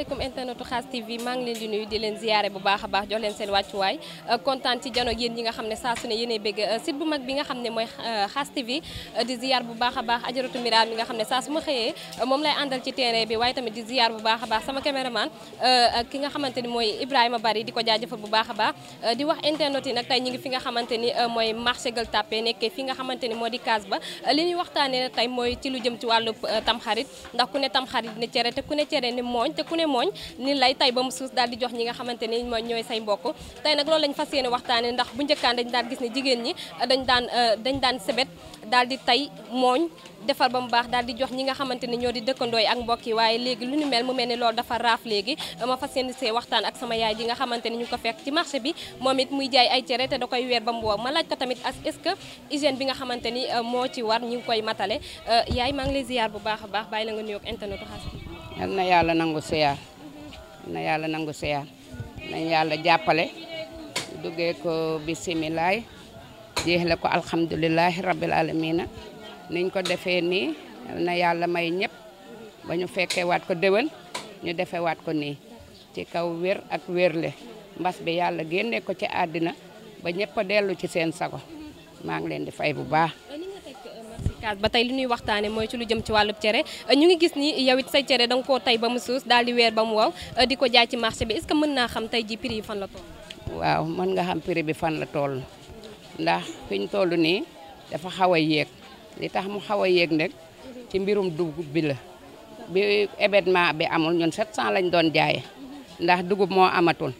asalaamaaleykum internetu Khass TV maa ngi leen di nuyu di leen ziyaare bu baax a baax jox leen seen wàccuwaay euh, kontaan ci jano yéen ñi nga xam ne saa su ne yéenay bëgg euh, site bu mag bi nga xam ne mooy euh, Khass TV di ziyaar bu baax a baax ajaratu mira mi nga xam ne saa su ma xëyee moom lay àndal ci terrain bi waaye tamit di ziyaar bu baax a baax sama caméraman ki nga xamante ni mooy Ibrahima Bari di ko jaajëfal bu baax a baax di wax internet yi nag tey ñu ngi fi nga xamante ni mooy marché Gueule Tapée nekkee fi nga xamante ni moo di kaas ba li ñuy waxtaanee tey mooy ci lu jëm ci wàllu tamxarit ndax ku ne tamxarit ne cere te ku ne cere ne mooñ te ku ne mooñ ni lay tay ba mu suus daal di jox ñi nga xamante ni mooy ñooy say mbokk tey nag loolu lañ fas yéene waxtaane ndax bu njëkkaan dañ daan gis ne jigéen ñi dañ daan euh, dañ daan sebet daal di tay mooñ defar ba mu baax daal di jox ñi nga xamante ni ñoo di dëkkandoo ak mbokk yi waaye léegi lu ñu mel mu mel ni loolu dafa raaf léegi ma fas yéene see waxtaan ak sama yaay ji nga xamante ni ñu ko fekk ci marché bi moom it muy jaay ay cere te da weer ba mu woo ma laaj ko tamit as ce que hygiène bi nga xamante ni euh, moo ci war ñu ngi koy matale euh, yaay maa ngi lay ziar bu baax a baax bàyyi la nga nuyoog internet xaas yal na yàlla nangu siyaar na yàlla nangu siyaar nañ yàlla jàppale duggee ko bisimilaay jeexle ko alhamdulilahi rabbil alamina niñ ko defee nii na yàlla may ñëpp ba ñu fekkee waat ko déwén ñu defee waat ko nii ci kaw wér ak wérle mbas bi yàlla génne ko ci àddina ba ñëpp dellu ci seen sago maa ngi leen di fay bu baax kaas ba tey li ñuy waxtaane mooy ci lu jëm ci wàllub cere ñu ngi gis ni yow it say cere da nga koo tey ba mu suus daal di weer ba mu wow di ko jaay ci marché bi est que mën naa xam tey ji prix yi fan la toll waaw mën nga xam prix bi fan la tool ndax fiñ toll nii dafa xaw a yéeg li tax mu xaw a yéeg nag ci mbirum dugub bi la bi événement bi amul ñun 700 lañ doon jaaye ndax dugub moo amatul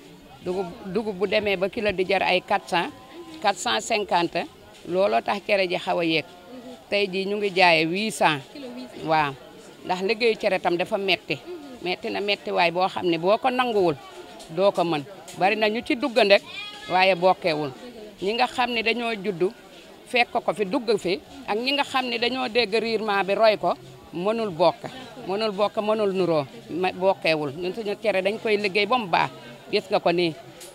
dugub dugub bu demee ba kilo di jar ay 400 450 looloo tax cere ji xaw a yéeg tey jii ñu ngi jaayee 800 waaw ndax liggéey cere tam dafa metti metti na metti waay boo xam ne boo ko nanguwul doo ko mën bari na ñu ci duggan rek waaye bokkeewul ñi nga xam ne dañoo juddu fekk ko fi dugg fi ak ñi nga xam ne dañoo dégg riirement bi roy ko mënul bokk mënul boo bokk mënul nuroo bokkeewul ñun suñu cere dañ koy liggéey ba mu baax gis nga ko nii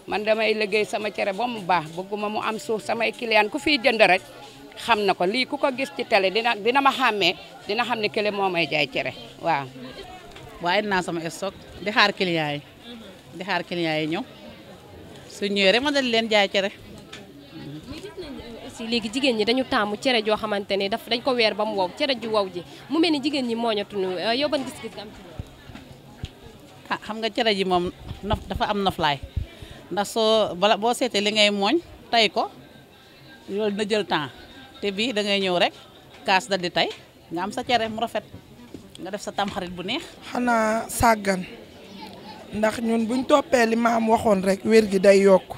man damay liggéey sama cere ba mu baax bëgguma mu am suuf samay client ku fiy jënd rek xam na ko lii ku ko gis ci télé dina dina ma xàmmee dina xam ne kële moo may jaay cere waaw. waaye dinaa sama stock di xaar client yi di xaar client yi ñëw su ñëwee rek ma dal leen jaay cere. Euh, si léegi jigéen ñi dañu tàmm cere joo xamante ne daf dañ ko weer ba mu wow cere ju waw ji mu mel ni jigéen ñi mooñatuñu euh, yow ban gis-gis am ci ah xam nga cere ji moom nof dafa am noflaay ndax soo bala boo seetee li ngay mooñ tay ko loolu na jël temps. te bii da ngay ñëw rek kaas dal di tey nga am sa cere mu rafet nga def sa tamxarit bu neex. xanaa sàggan ndax ñun buñ toppee li maam waxoon rek wér gi day yokk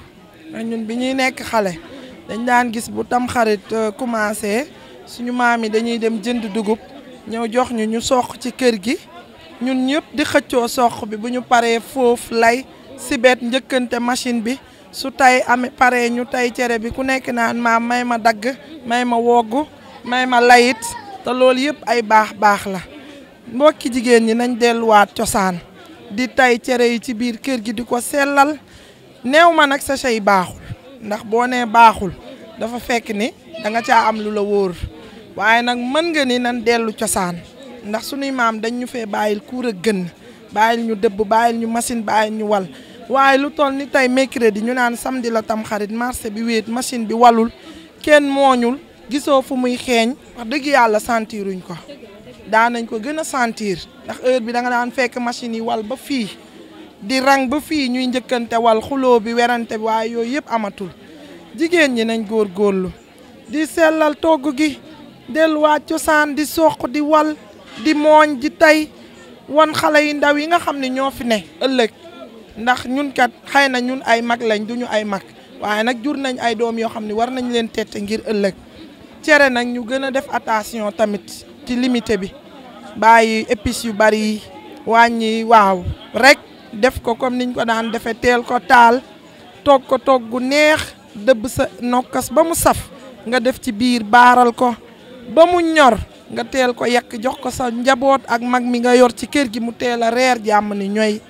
ñun bi ñuy nekk xale dañ daan gis bu tamxarit euh, commencé suñu maam yi dañuy dem jënd dugub ñëw jox ñu ñu soq ci kër gi ñun ñëpp di xëccoo soq bi bu ñu paree foofu lay sibet njëkkante machine bi. su tay amee pare ñu tey cere bi ku nekk naan maam may ma dagg may ma wogg may ma layit te loolu yëpp ay baax baax la mbokki jigéen ñi nañ delluwaat cosaan di tey cere yi ci biir kër gi di ko sellal neew ma nag sa sey baaxul ndax boo nee baaxul dafa fekk ni danga nga caa am lu la wóor waaye nag mën nga ni nan dellu cosaan ndax sunuy maam dañ ñu fee bàyyil kuur a gën bàyyil ñu dëbb bàyyil ñu machine bàyyil ñu wal waaye lu toll ni tey mercredi ñu naan samdi la tamxarit xarit marché bi wéet machine bi walul kenn mooñul gisoo fu muy xeeñ dëgg yàlla sentiruñ ko daan nañ ko gën a sentir ndax heure bi da nga daan fekk machine yi wal ba fii di rang ba fii ñuy njëkkante wal xuloo bi werante bi waaye yooyu yëpp amatul jigéen ñi nañ góorlu di sellal togg gi delluwaat cosaan di soq di wal di mooñ di tey wan xale yu ndaw yi nga xam ne ñoo fi ne ëllëg ndax ñun kat xëy na ñun ay mag lañ duñu ay mag waaye nag jur nañ ay doom yoo xam ne war nañ leen tette ngir ëllëg cere nag ñu gën a def attention tamit ci limité bi bàyyi épices yu bari yi wàññi waaw rek def ko comme niñ ko daan defee teel ko taal togg ko togg gu neex dëbb sa nokkas ba mu saf nga def ci biir baaral ko ba mu ñor nga teel ko yekk jox ko sa njaboot ak mag mi nga yor ci kër gi mu teel a reer jàmm ni ñooy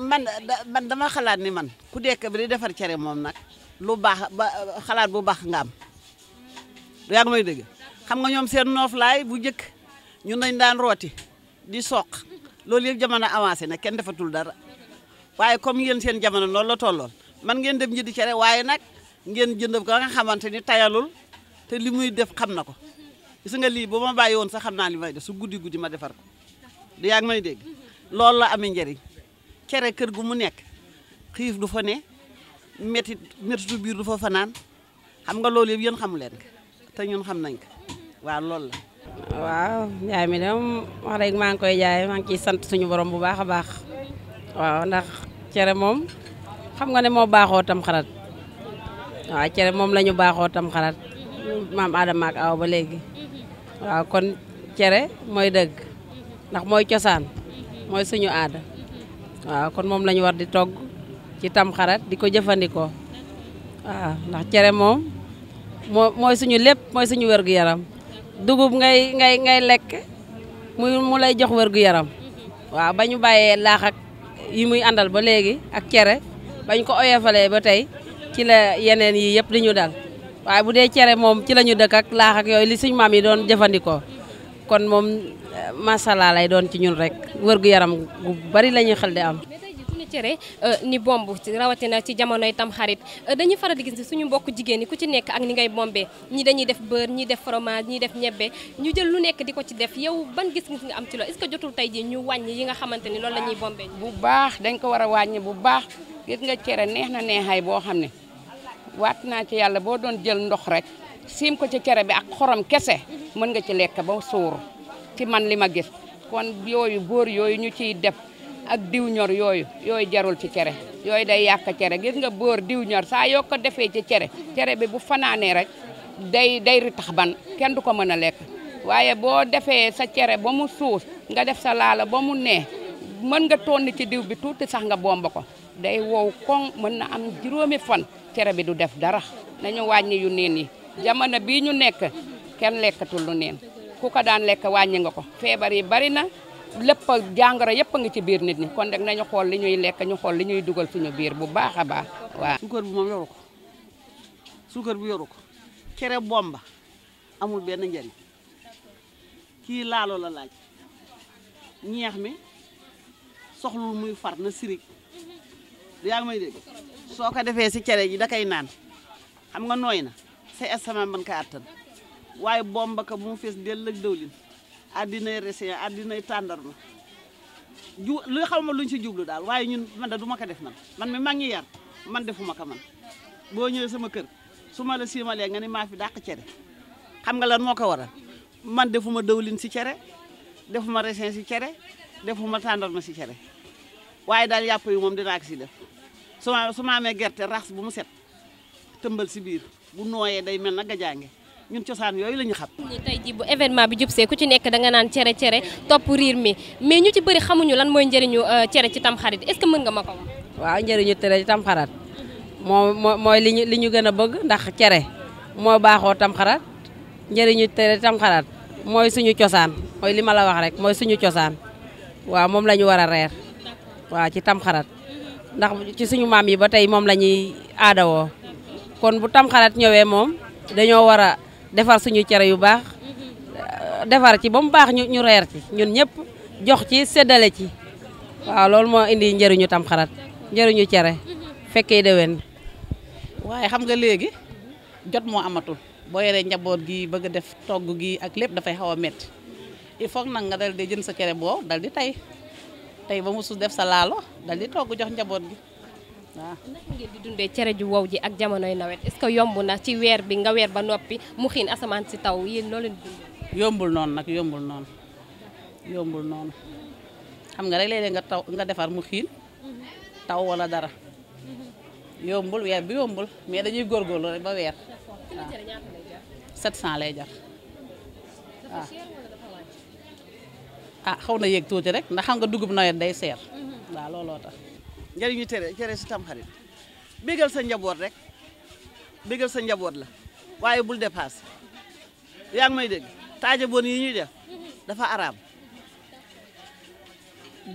man man dama xalaat ni man ku dekk bi di defar cere moom nag lu baax ba xalaat bu baax nga am yaa ngi may dégg xam nga ñoom seen nooflaay bu njëkk ñun nañ daan rooti di soq loolu yëpp jamono avancé na kenn defatul dara waaye comme yéen seen jamono loolu la tolloon man ngeen dem jëndi cere waaye nag ngeen jënd ko nga xamante ni tayalul te li muy def xam na ko gis nga lii bu ma bàyyi woon sax xam naa li may def su guddi guddi ma defar ko yaa ngi may dégg loolu la amee njëriñ cere kër gu mu nekk xiif du fa ne métti méttitu biir du fa fanaan xam nga loolu yëpp yéen xamu leen te ñun xam nañ ko waa loolu la. waaw njaay mi de wax dëgg maa ngi koy jaay maa ngi ciy sant suñu borom bu baax a baax waaw ndax cere moom xam nga ne moo baaxoo tamxarat waaw cere moom la baaxoo tam xarat maam Adama ak Awa ba léegi waaw kon cere mooy dëgg ndax mooy cosaan mooy suñu aada. waaw kon moom la ñu war di togg ci tamxarat di ko jëfandikoo waaw ndax cere moom moo mooy suñu lépp mooy suñu wérgu yaram dugub ngay ngay ngay lekk mu mu lay jox wérgu yaram waaw ba ñu bàyyee laaxak yi muy àndal ba léegi ak cere bañ ko oyofalee ba tey ci la yeneen yi yëpp di ñu dal waaye bu dee cere moom ci la ñu dëkk ak laax ak yooyu li suñ maam yi doon jëfandikoo kon moom masala lay doon ci ñun rek wërgu yaram gu bari la ñuy xel di am. cere euh, ni bomb rawatina ci jamonoy tam xarit euh, dañuy faral di gis suñu mbokk jigéen ñi ku ci nekk ak ni ngay bombee ñi dañuy def beurre ñi def fromage def ñebbe ñu jël lu nekk di ko ci def yow ban gis-gis nga am ci loolu est jotul tey ji ñu wàññi yi nga xamante ni loolu la ñuy bombee bu baax dañ ko war a wàññi bu baax gis nga cere neex na neexaay boo xam ne waat naa ci yàlla boo doon jël ndox rek siim ko ci cere bi ak xorom kese mën nga ci lekk ba suur ci man li ma gis kon yooyu góor yooyu ñu ciy def ak diw ñor yooyu yooyu jarul ci cere yooyu day yàq cere gis nga bóor diw ñor saa yoo defee ci cere cere bi bu fanaanee rek day day ritax ban kenn du ko mën a lekk waaye boo defee sa cere ba mu suus nga def sa laala ba mu nee mën nga tonn ci diw bi tuuti sax nga bomb ko day wow koŋ mën na am juróomi fan cere bi du def dara nañu wàññi yu jamono bii ñu nekk kenn lekkatul lu neen ku ko daan lekk wàññi nga ko feebar yi bari na lépp jàngoro yépp a ngi ci biir nit ñi kon nag nañu xool li ñuy lekk ñu xool li ñuy dugal suñu biir bu baax a baax waaw. suukar bi moom yoru ko suukar bi yoru ko cere bomba amul benn njariñ kii laalo la laaj ñeex mi soxlul muy far na sirig yaa ngi may dégg soo ko defee si cere ji da kay naan xam nga nooy na. sa estomac mën ka attan waaye bomba ka bu mu fees dell ak dëwlin addinay resin yi tàndarma ju lu xaw ma luñ ci jublu daal waaye ñun man da du ko def man man mi mag ñi yar man defuma ko man boo ñëwee sama kër su ma la siimalee nga ni maa fi dàq cere xam nga lan moo ko waral man defuma dëwlin si cere defuma resin ci cere defuma tàndarma si cere waaye daal yàpp yi moom dinaa ko ci def su ma su gerte rax bu mu set tëmbal si biir bu nooyee day mel na gajaange ñun cosaan yooyu la ñu xam. bu événement bi jub see ku ci nekk da naan cere cere topp riir mi mais ñu ci bëri xamuñu lan mooy njëriñu euh, cere ci tamxarit est-ce que nga ma ko waaw njëriñu cere ci tamxarit mooy li ñu gën a bëgg ndax cere moo baaxoo tamxarit njëriñu cere tamxarit mooy suñu cosaan mooy li ma la wax rek mooy suñu cosaan waaw moom la war a reer waaw ci tamxarit ndax ci suñu maam yi ba tey moom lañuy aadawoo. kon bu tamxarit ñëwee moom dañoo war a defar suñu cere yu baax defar ci ba mu baax ñu ñu reer ci ñun ñëpp jox ci séddale ci waaw loolu moo indi njëriñu tamxaraat njariñu cere fekkee déwén. waaye xam nga léegi jot moo amatul boo yoree njaboot gi bëgg def togg gi ak lépp dafay xaw a métti il faut nag nga dal di sa cere boo dal di tey tey ba mu sus def sa laalo dal di togg jox njaboot gi. waaw dundee cere ju wow ji ak jamonoy nawet est-ce que yomb na ci weer bi nga weer ba noppi mu xiin asamaan si taw yéen loo yombul noonu nag yombul noonu yombul noonu xam nga rek léeg nga taw nga defar mu xiin taw wala dara yombul weer bi yombul mais dañuy góorgóorlu rek ba weer waaw 700 lay jar waaw. ah xaw na yéeg tuuti rek ndax xam nga dugub nawet day seer mhm. waaw looloo tax. njariñu tere tere si tamxarit bégal sa njaboot rek bégal sa njaboot la waaye bul depaas yaa ngi may dégg taaja bon yi ñuy def dafa araam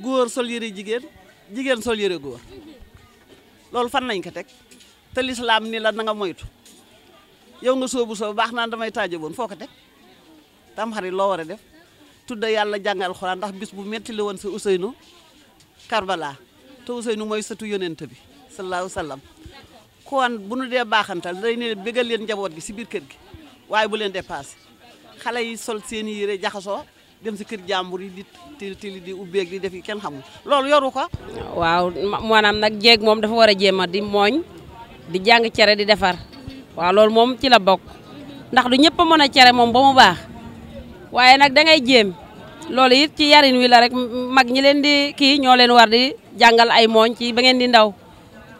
góor sol yëre jigéen jigéen sol yére góor loolu fan nañ ko teg te lislaam ni la na moytu yow nga soobu soo baax naan damay taaja bon foo ko teg tamxarit loo war a def tudda yàlla jàngal alxuraan ndax bis bu metti la woon si Ousseynou Karbala te Ousseynou mooy sëtu yonent bi sallallahu sallam kon bu nu dee baaxantal day ne bégal leen njaboot gi si biir kër gi waaye bu leen dépassé xale yi sol seen i yére jaxasoo dem si kër jàmbur yi di til til di ubbeeg di def yi kenn xamul loolu yoru ko. waaw maanaam nag jeeg moom dafa war a jéem a di mooñ di jàng cere di defar waaw loolu moom ci la bokk ndax du ñëpp a mën a cere moom ba mu baax waaye nag dangay jéem. loolu it ci yarin wi la rek mag ñi leen di kii ñoo leen war di jàngal ay mooñ ci ba ngeen di ndaw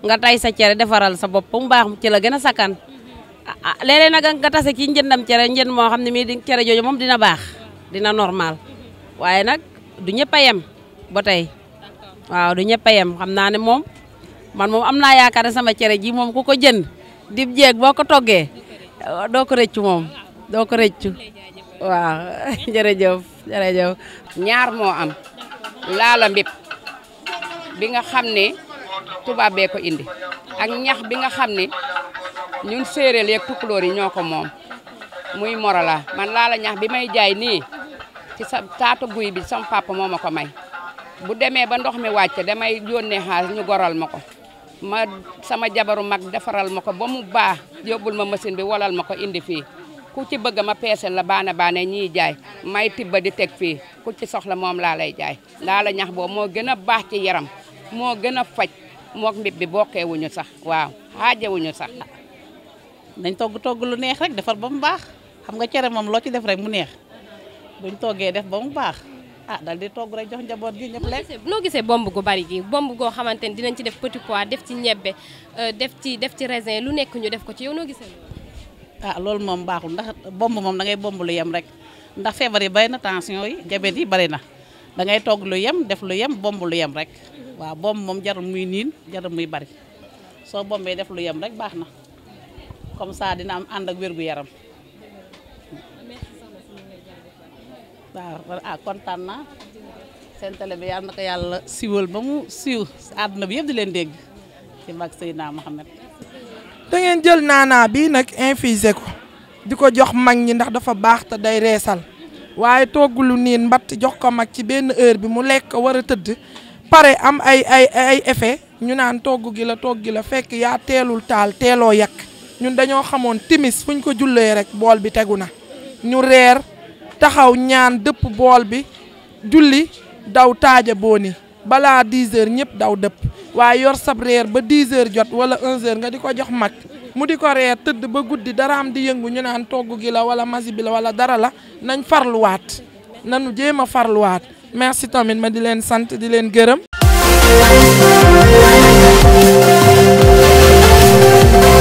nga tay sa cere defaral sa bopp mu baax ci la gën a sakkan ah, ah, léeg-léeg nag nga tase ci njëndam cere njënd moo xam ne mii cere jooju moom dina baax dina normal waaye nag du ñëpp yem ba tey waaw du ñëpp yem xam naa ne moom man moom am naa yaakaar sama cere jii moom ku ko jënd di jeeg boo ko toggee doo ko rëccu moom doo ko rëccu waaw jërëjëf jërëjëf ñaar moo am laalo mbib bi nga xam ne tubaab bee ko indi ak ñax bi nga xam ni ñun séeréer yeeg tukulóor yi ñoo ko moom muy morola man laala ñax bi may jaay nii ci sa taatu guy bi sama papa moo ma ko may bu demee ba ndox mi wàcc damay yónnee xaalis ñu goral ma ko ma sama jabaru mag defaral ma ko ba mu baax yóbbul ma machine bi walal ma ko indi fii ku ci bëgg ma peesel la baana baane ñiy jaay may tibba di teg fii ku ci soxla moom laa lay jaay laa la ñax boobu moo gën a baax ci yaram moo gën a faj moo mbib bi bokkeewuñu sax waaw xaajewuñu sax dañ togg togg lu neex rek defar ba mu baax xam nga cere moom loo ci def rek mu neex buñ toggee def ba mu baax a ah, daal di togg rek jox njaboot gi ñëpp lekk noo gisee bomb gu bari gi bomb goo xamante ni dinañ ci def petit def ci ñebbe euh, def ci def ci raisin lu nekk ñu def ko ci yow noo gisee ah loolu moom baaxul ndax bomb moom dangay ngay bomb lu yem rek ndax feebar yi bari na tension yi diabète yi bari na dangay toog lu yem def lu yem bomb lu yem rek waaw bomb moom jarul muy niin jarul muy bari soo bombee def lu yem rek baax na comme ça dina am ànd ak wér-gu-yaram waaw ah kontaan naa seen télé bi yàlla na yàlla siwal ba mu siiw àdduna bi yëpp di leen dégg ci mag Seydina Mohamed da ngeen jël naanaa bii nag infusé ko di ko jox mag ñi ndax dafa baax te day reesal waaye toggulu niin mbatt jox ko mag ci benn heure bi mu lekk war a tëdd pare am ay ay ay effet ñu naan togg gi la togg gi la fekk yaa teelul taal teeloo yàq ñun dañoo xamoon timis fu ñu ko jullee rek bool bi tegu na ñu reer taxaw ñaan dëpp bool bi julli daw taaja ni balaa 10 heures ñëpp daw dëpp waa yor sab reer ba 10 heures jot wala 11 heures nga di ko jox mag mu di ko reer tëdd ba guddi dara am di yëngu ñu naan togg gi la wala masi bi la wala dara la nañ farluwaat nanu jéem a farluwaat merci tamit ma di leen sant di leen gërëm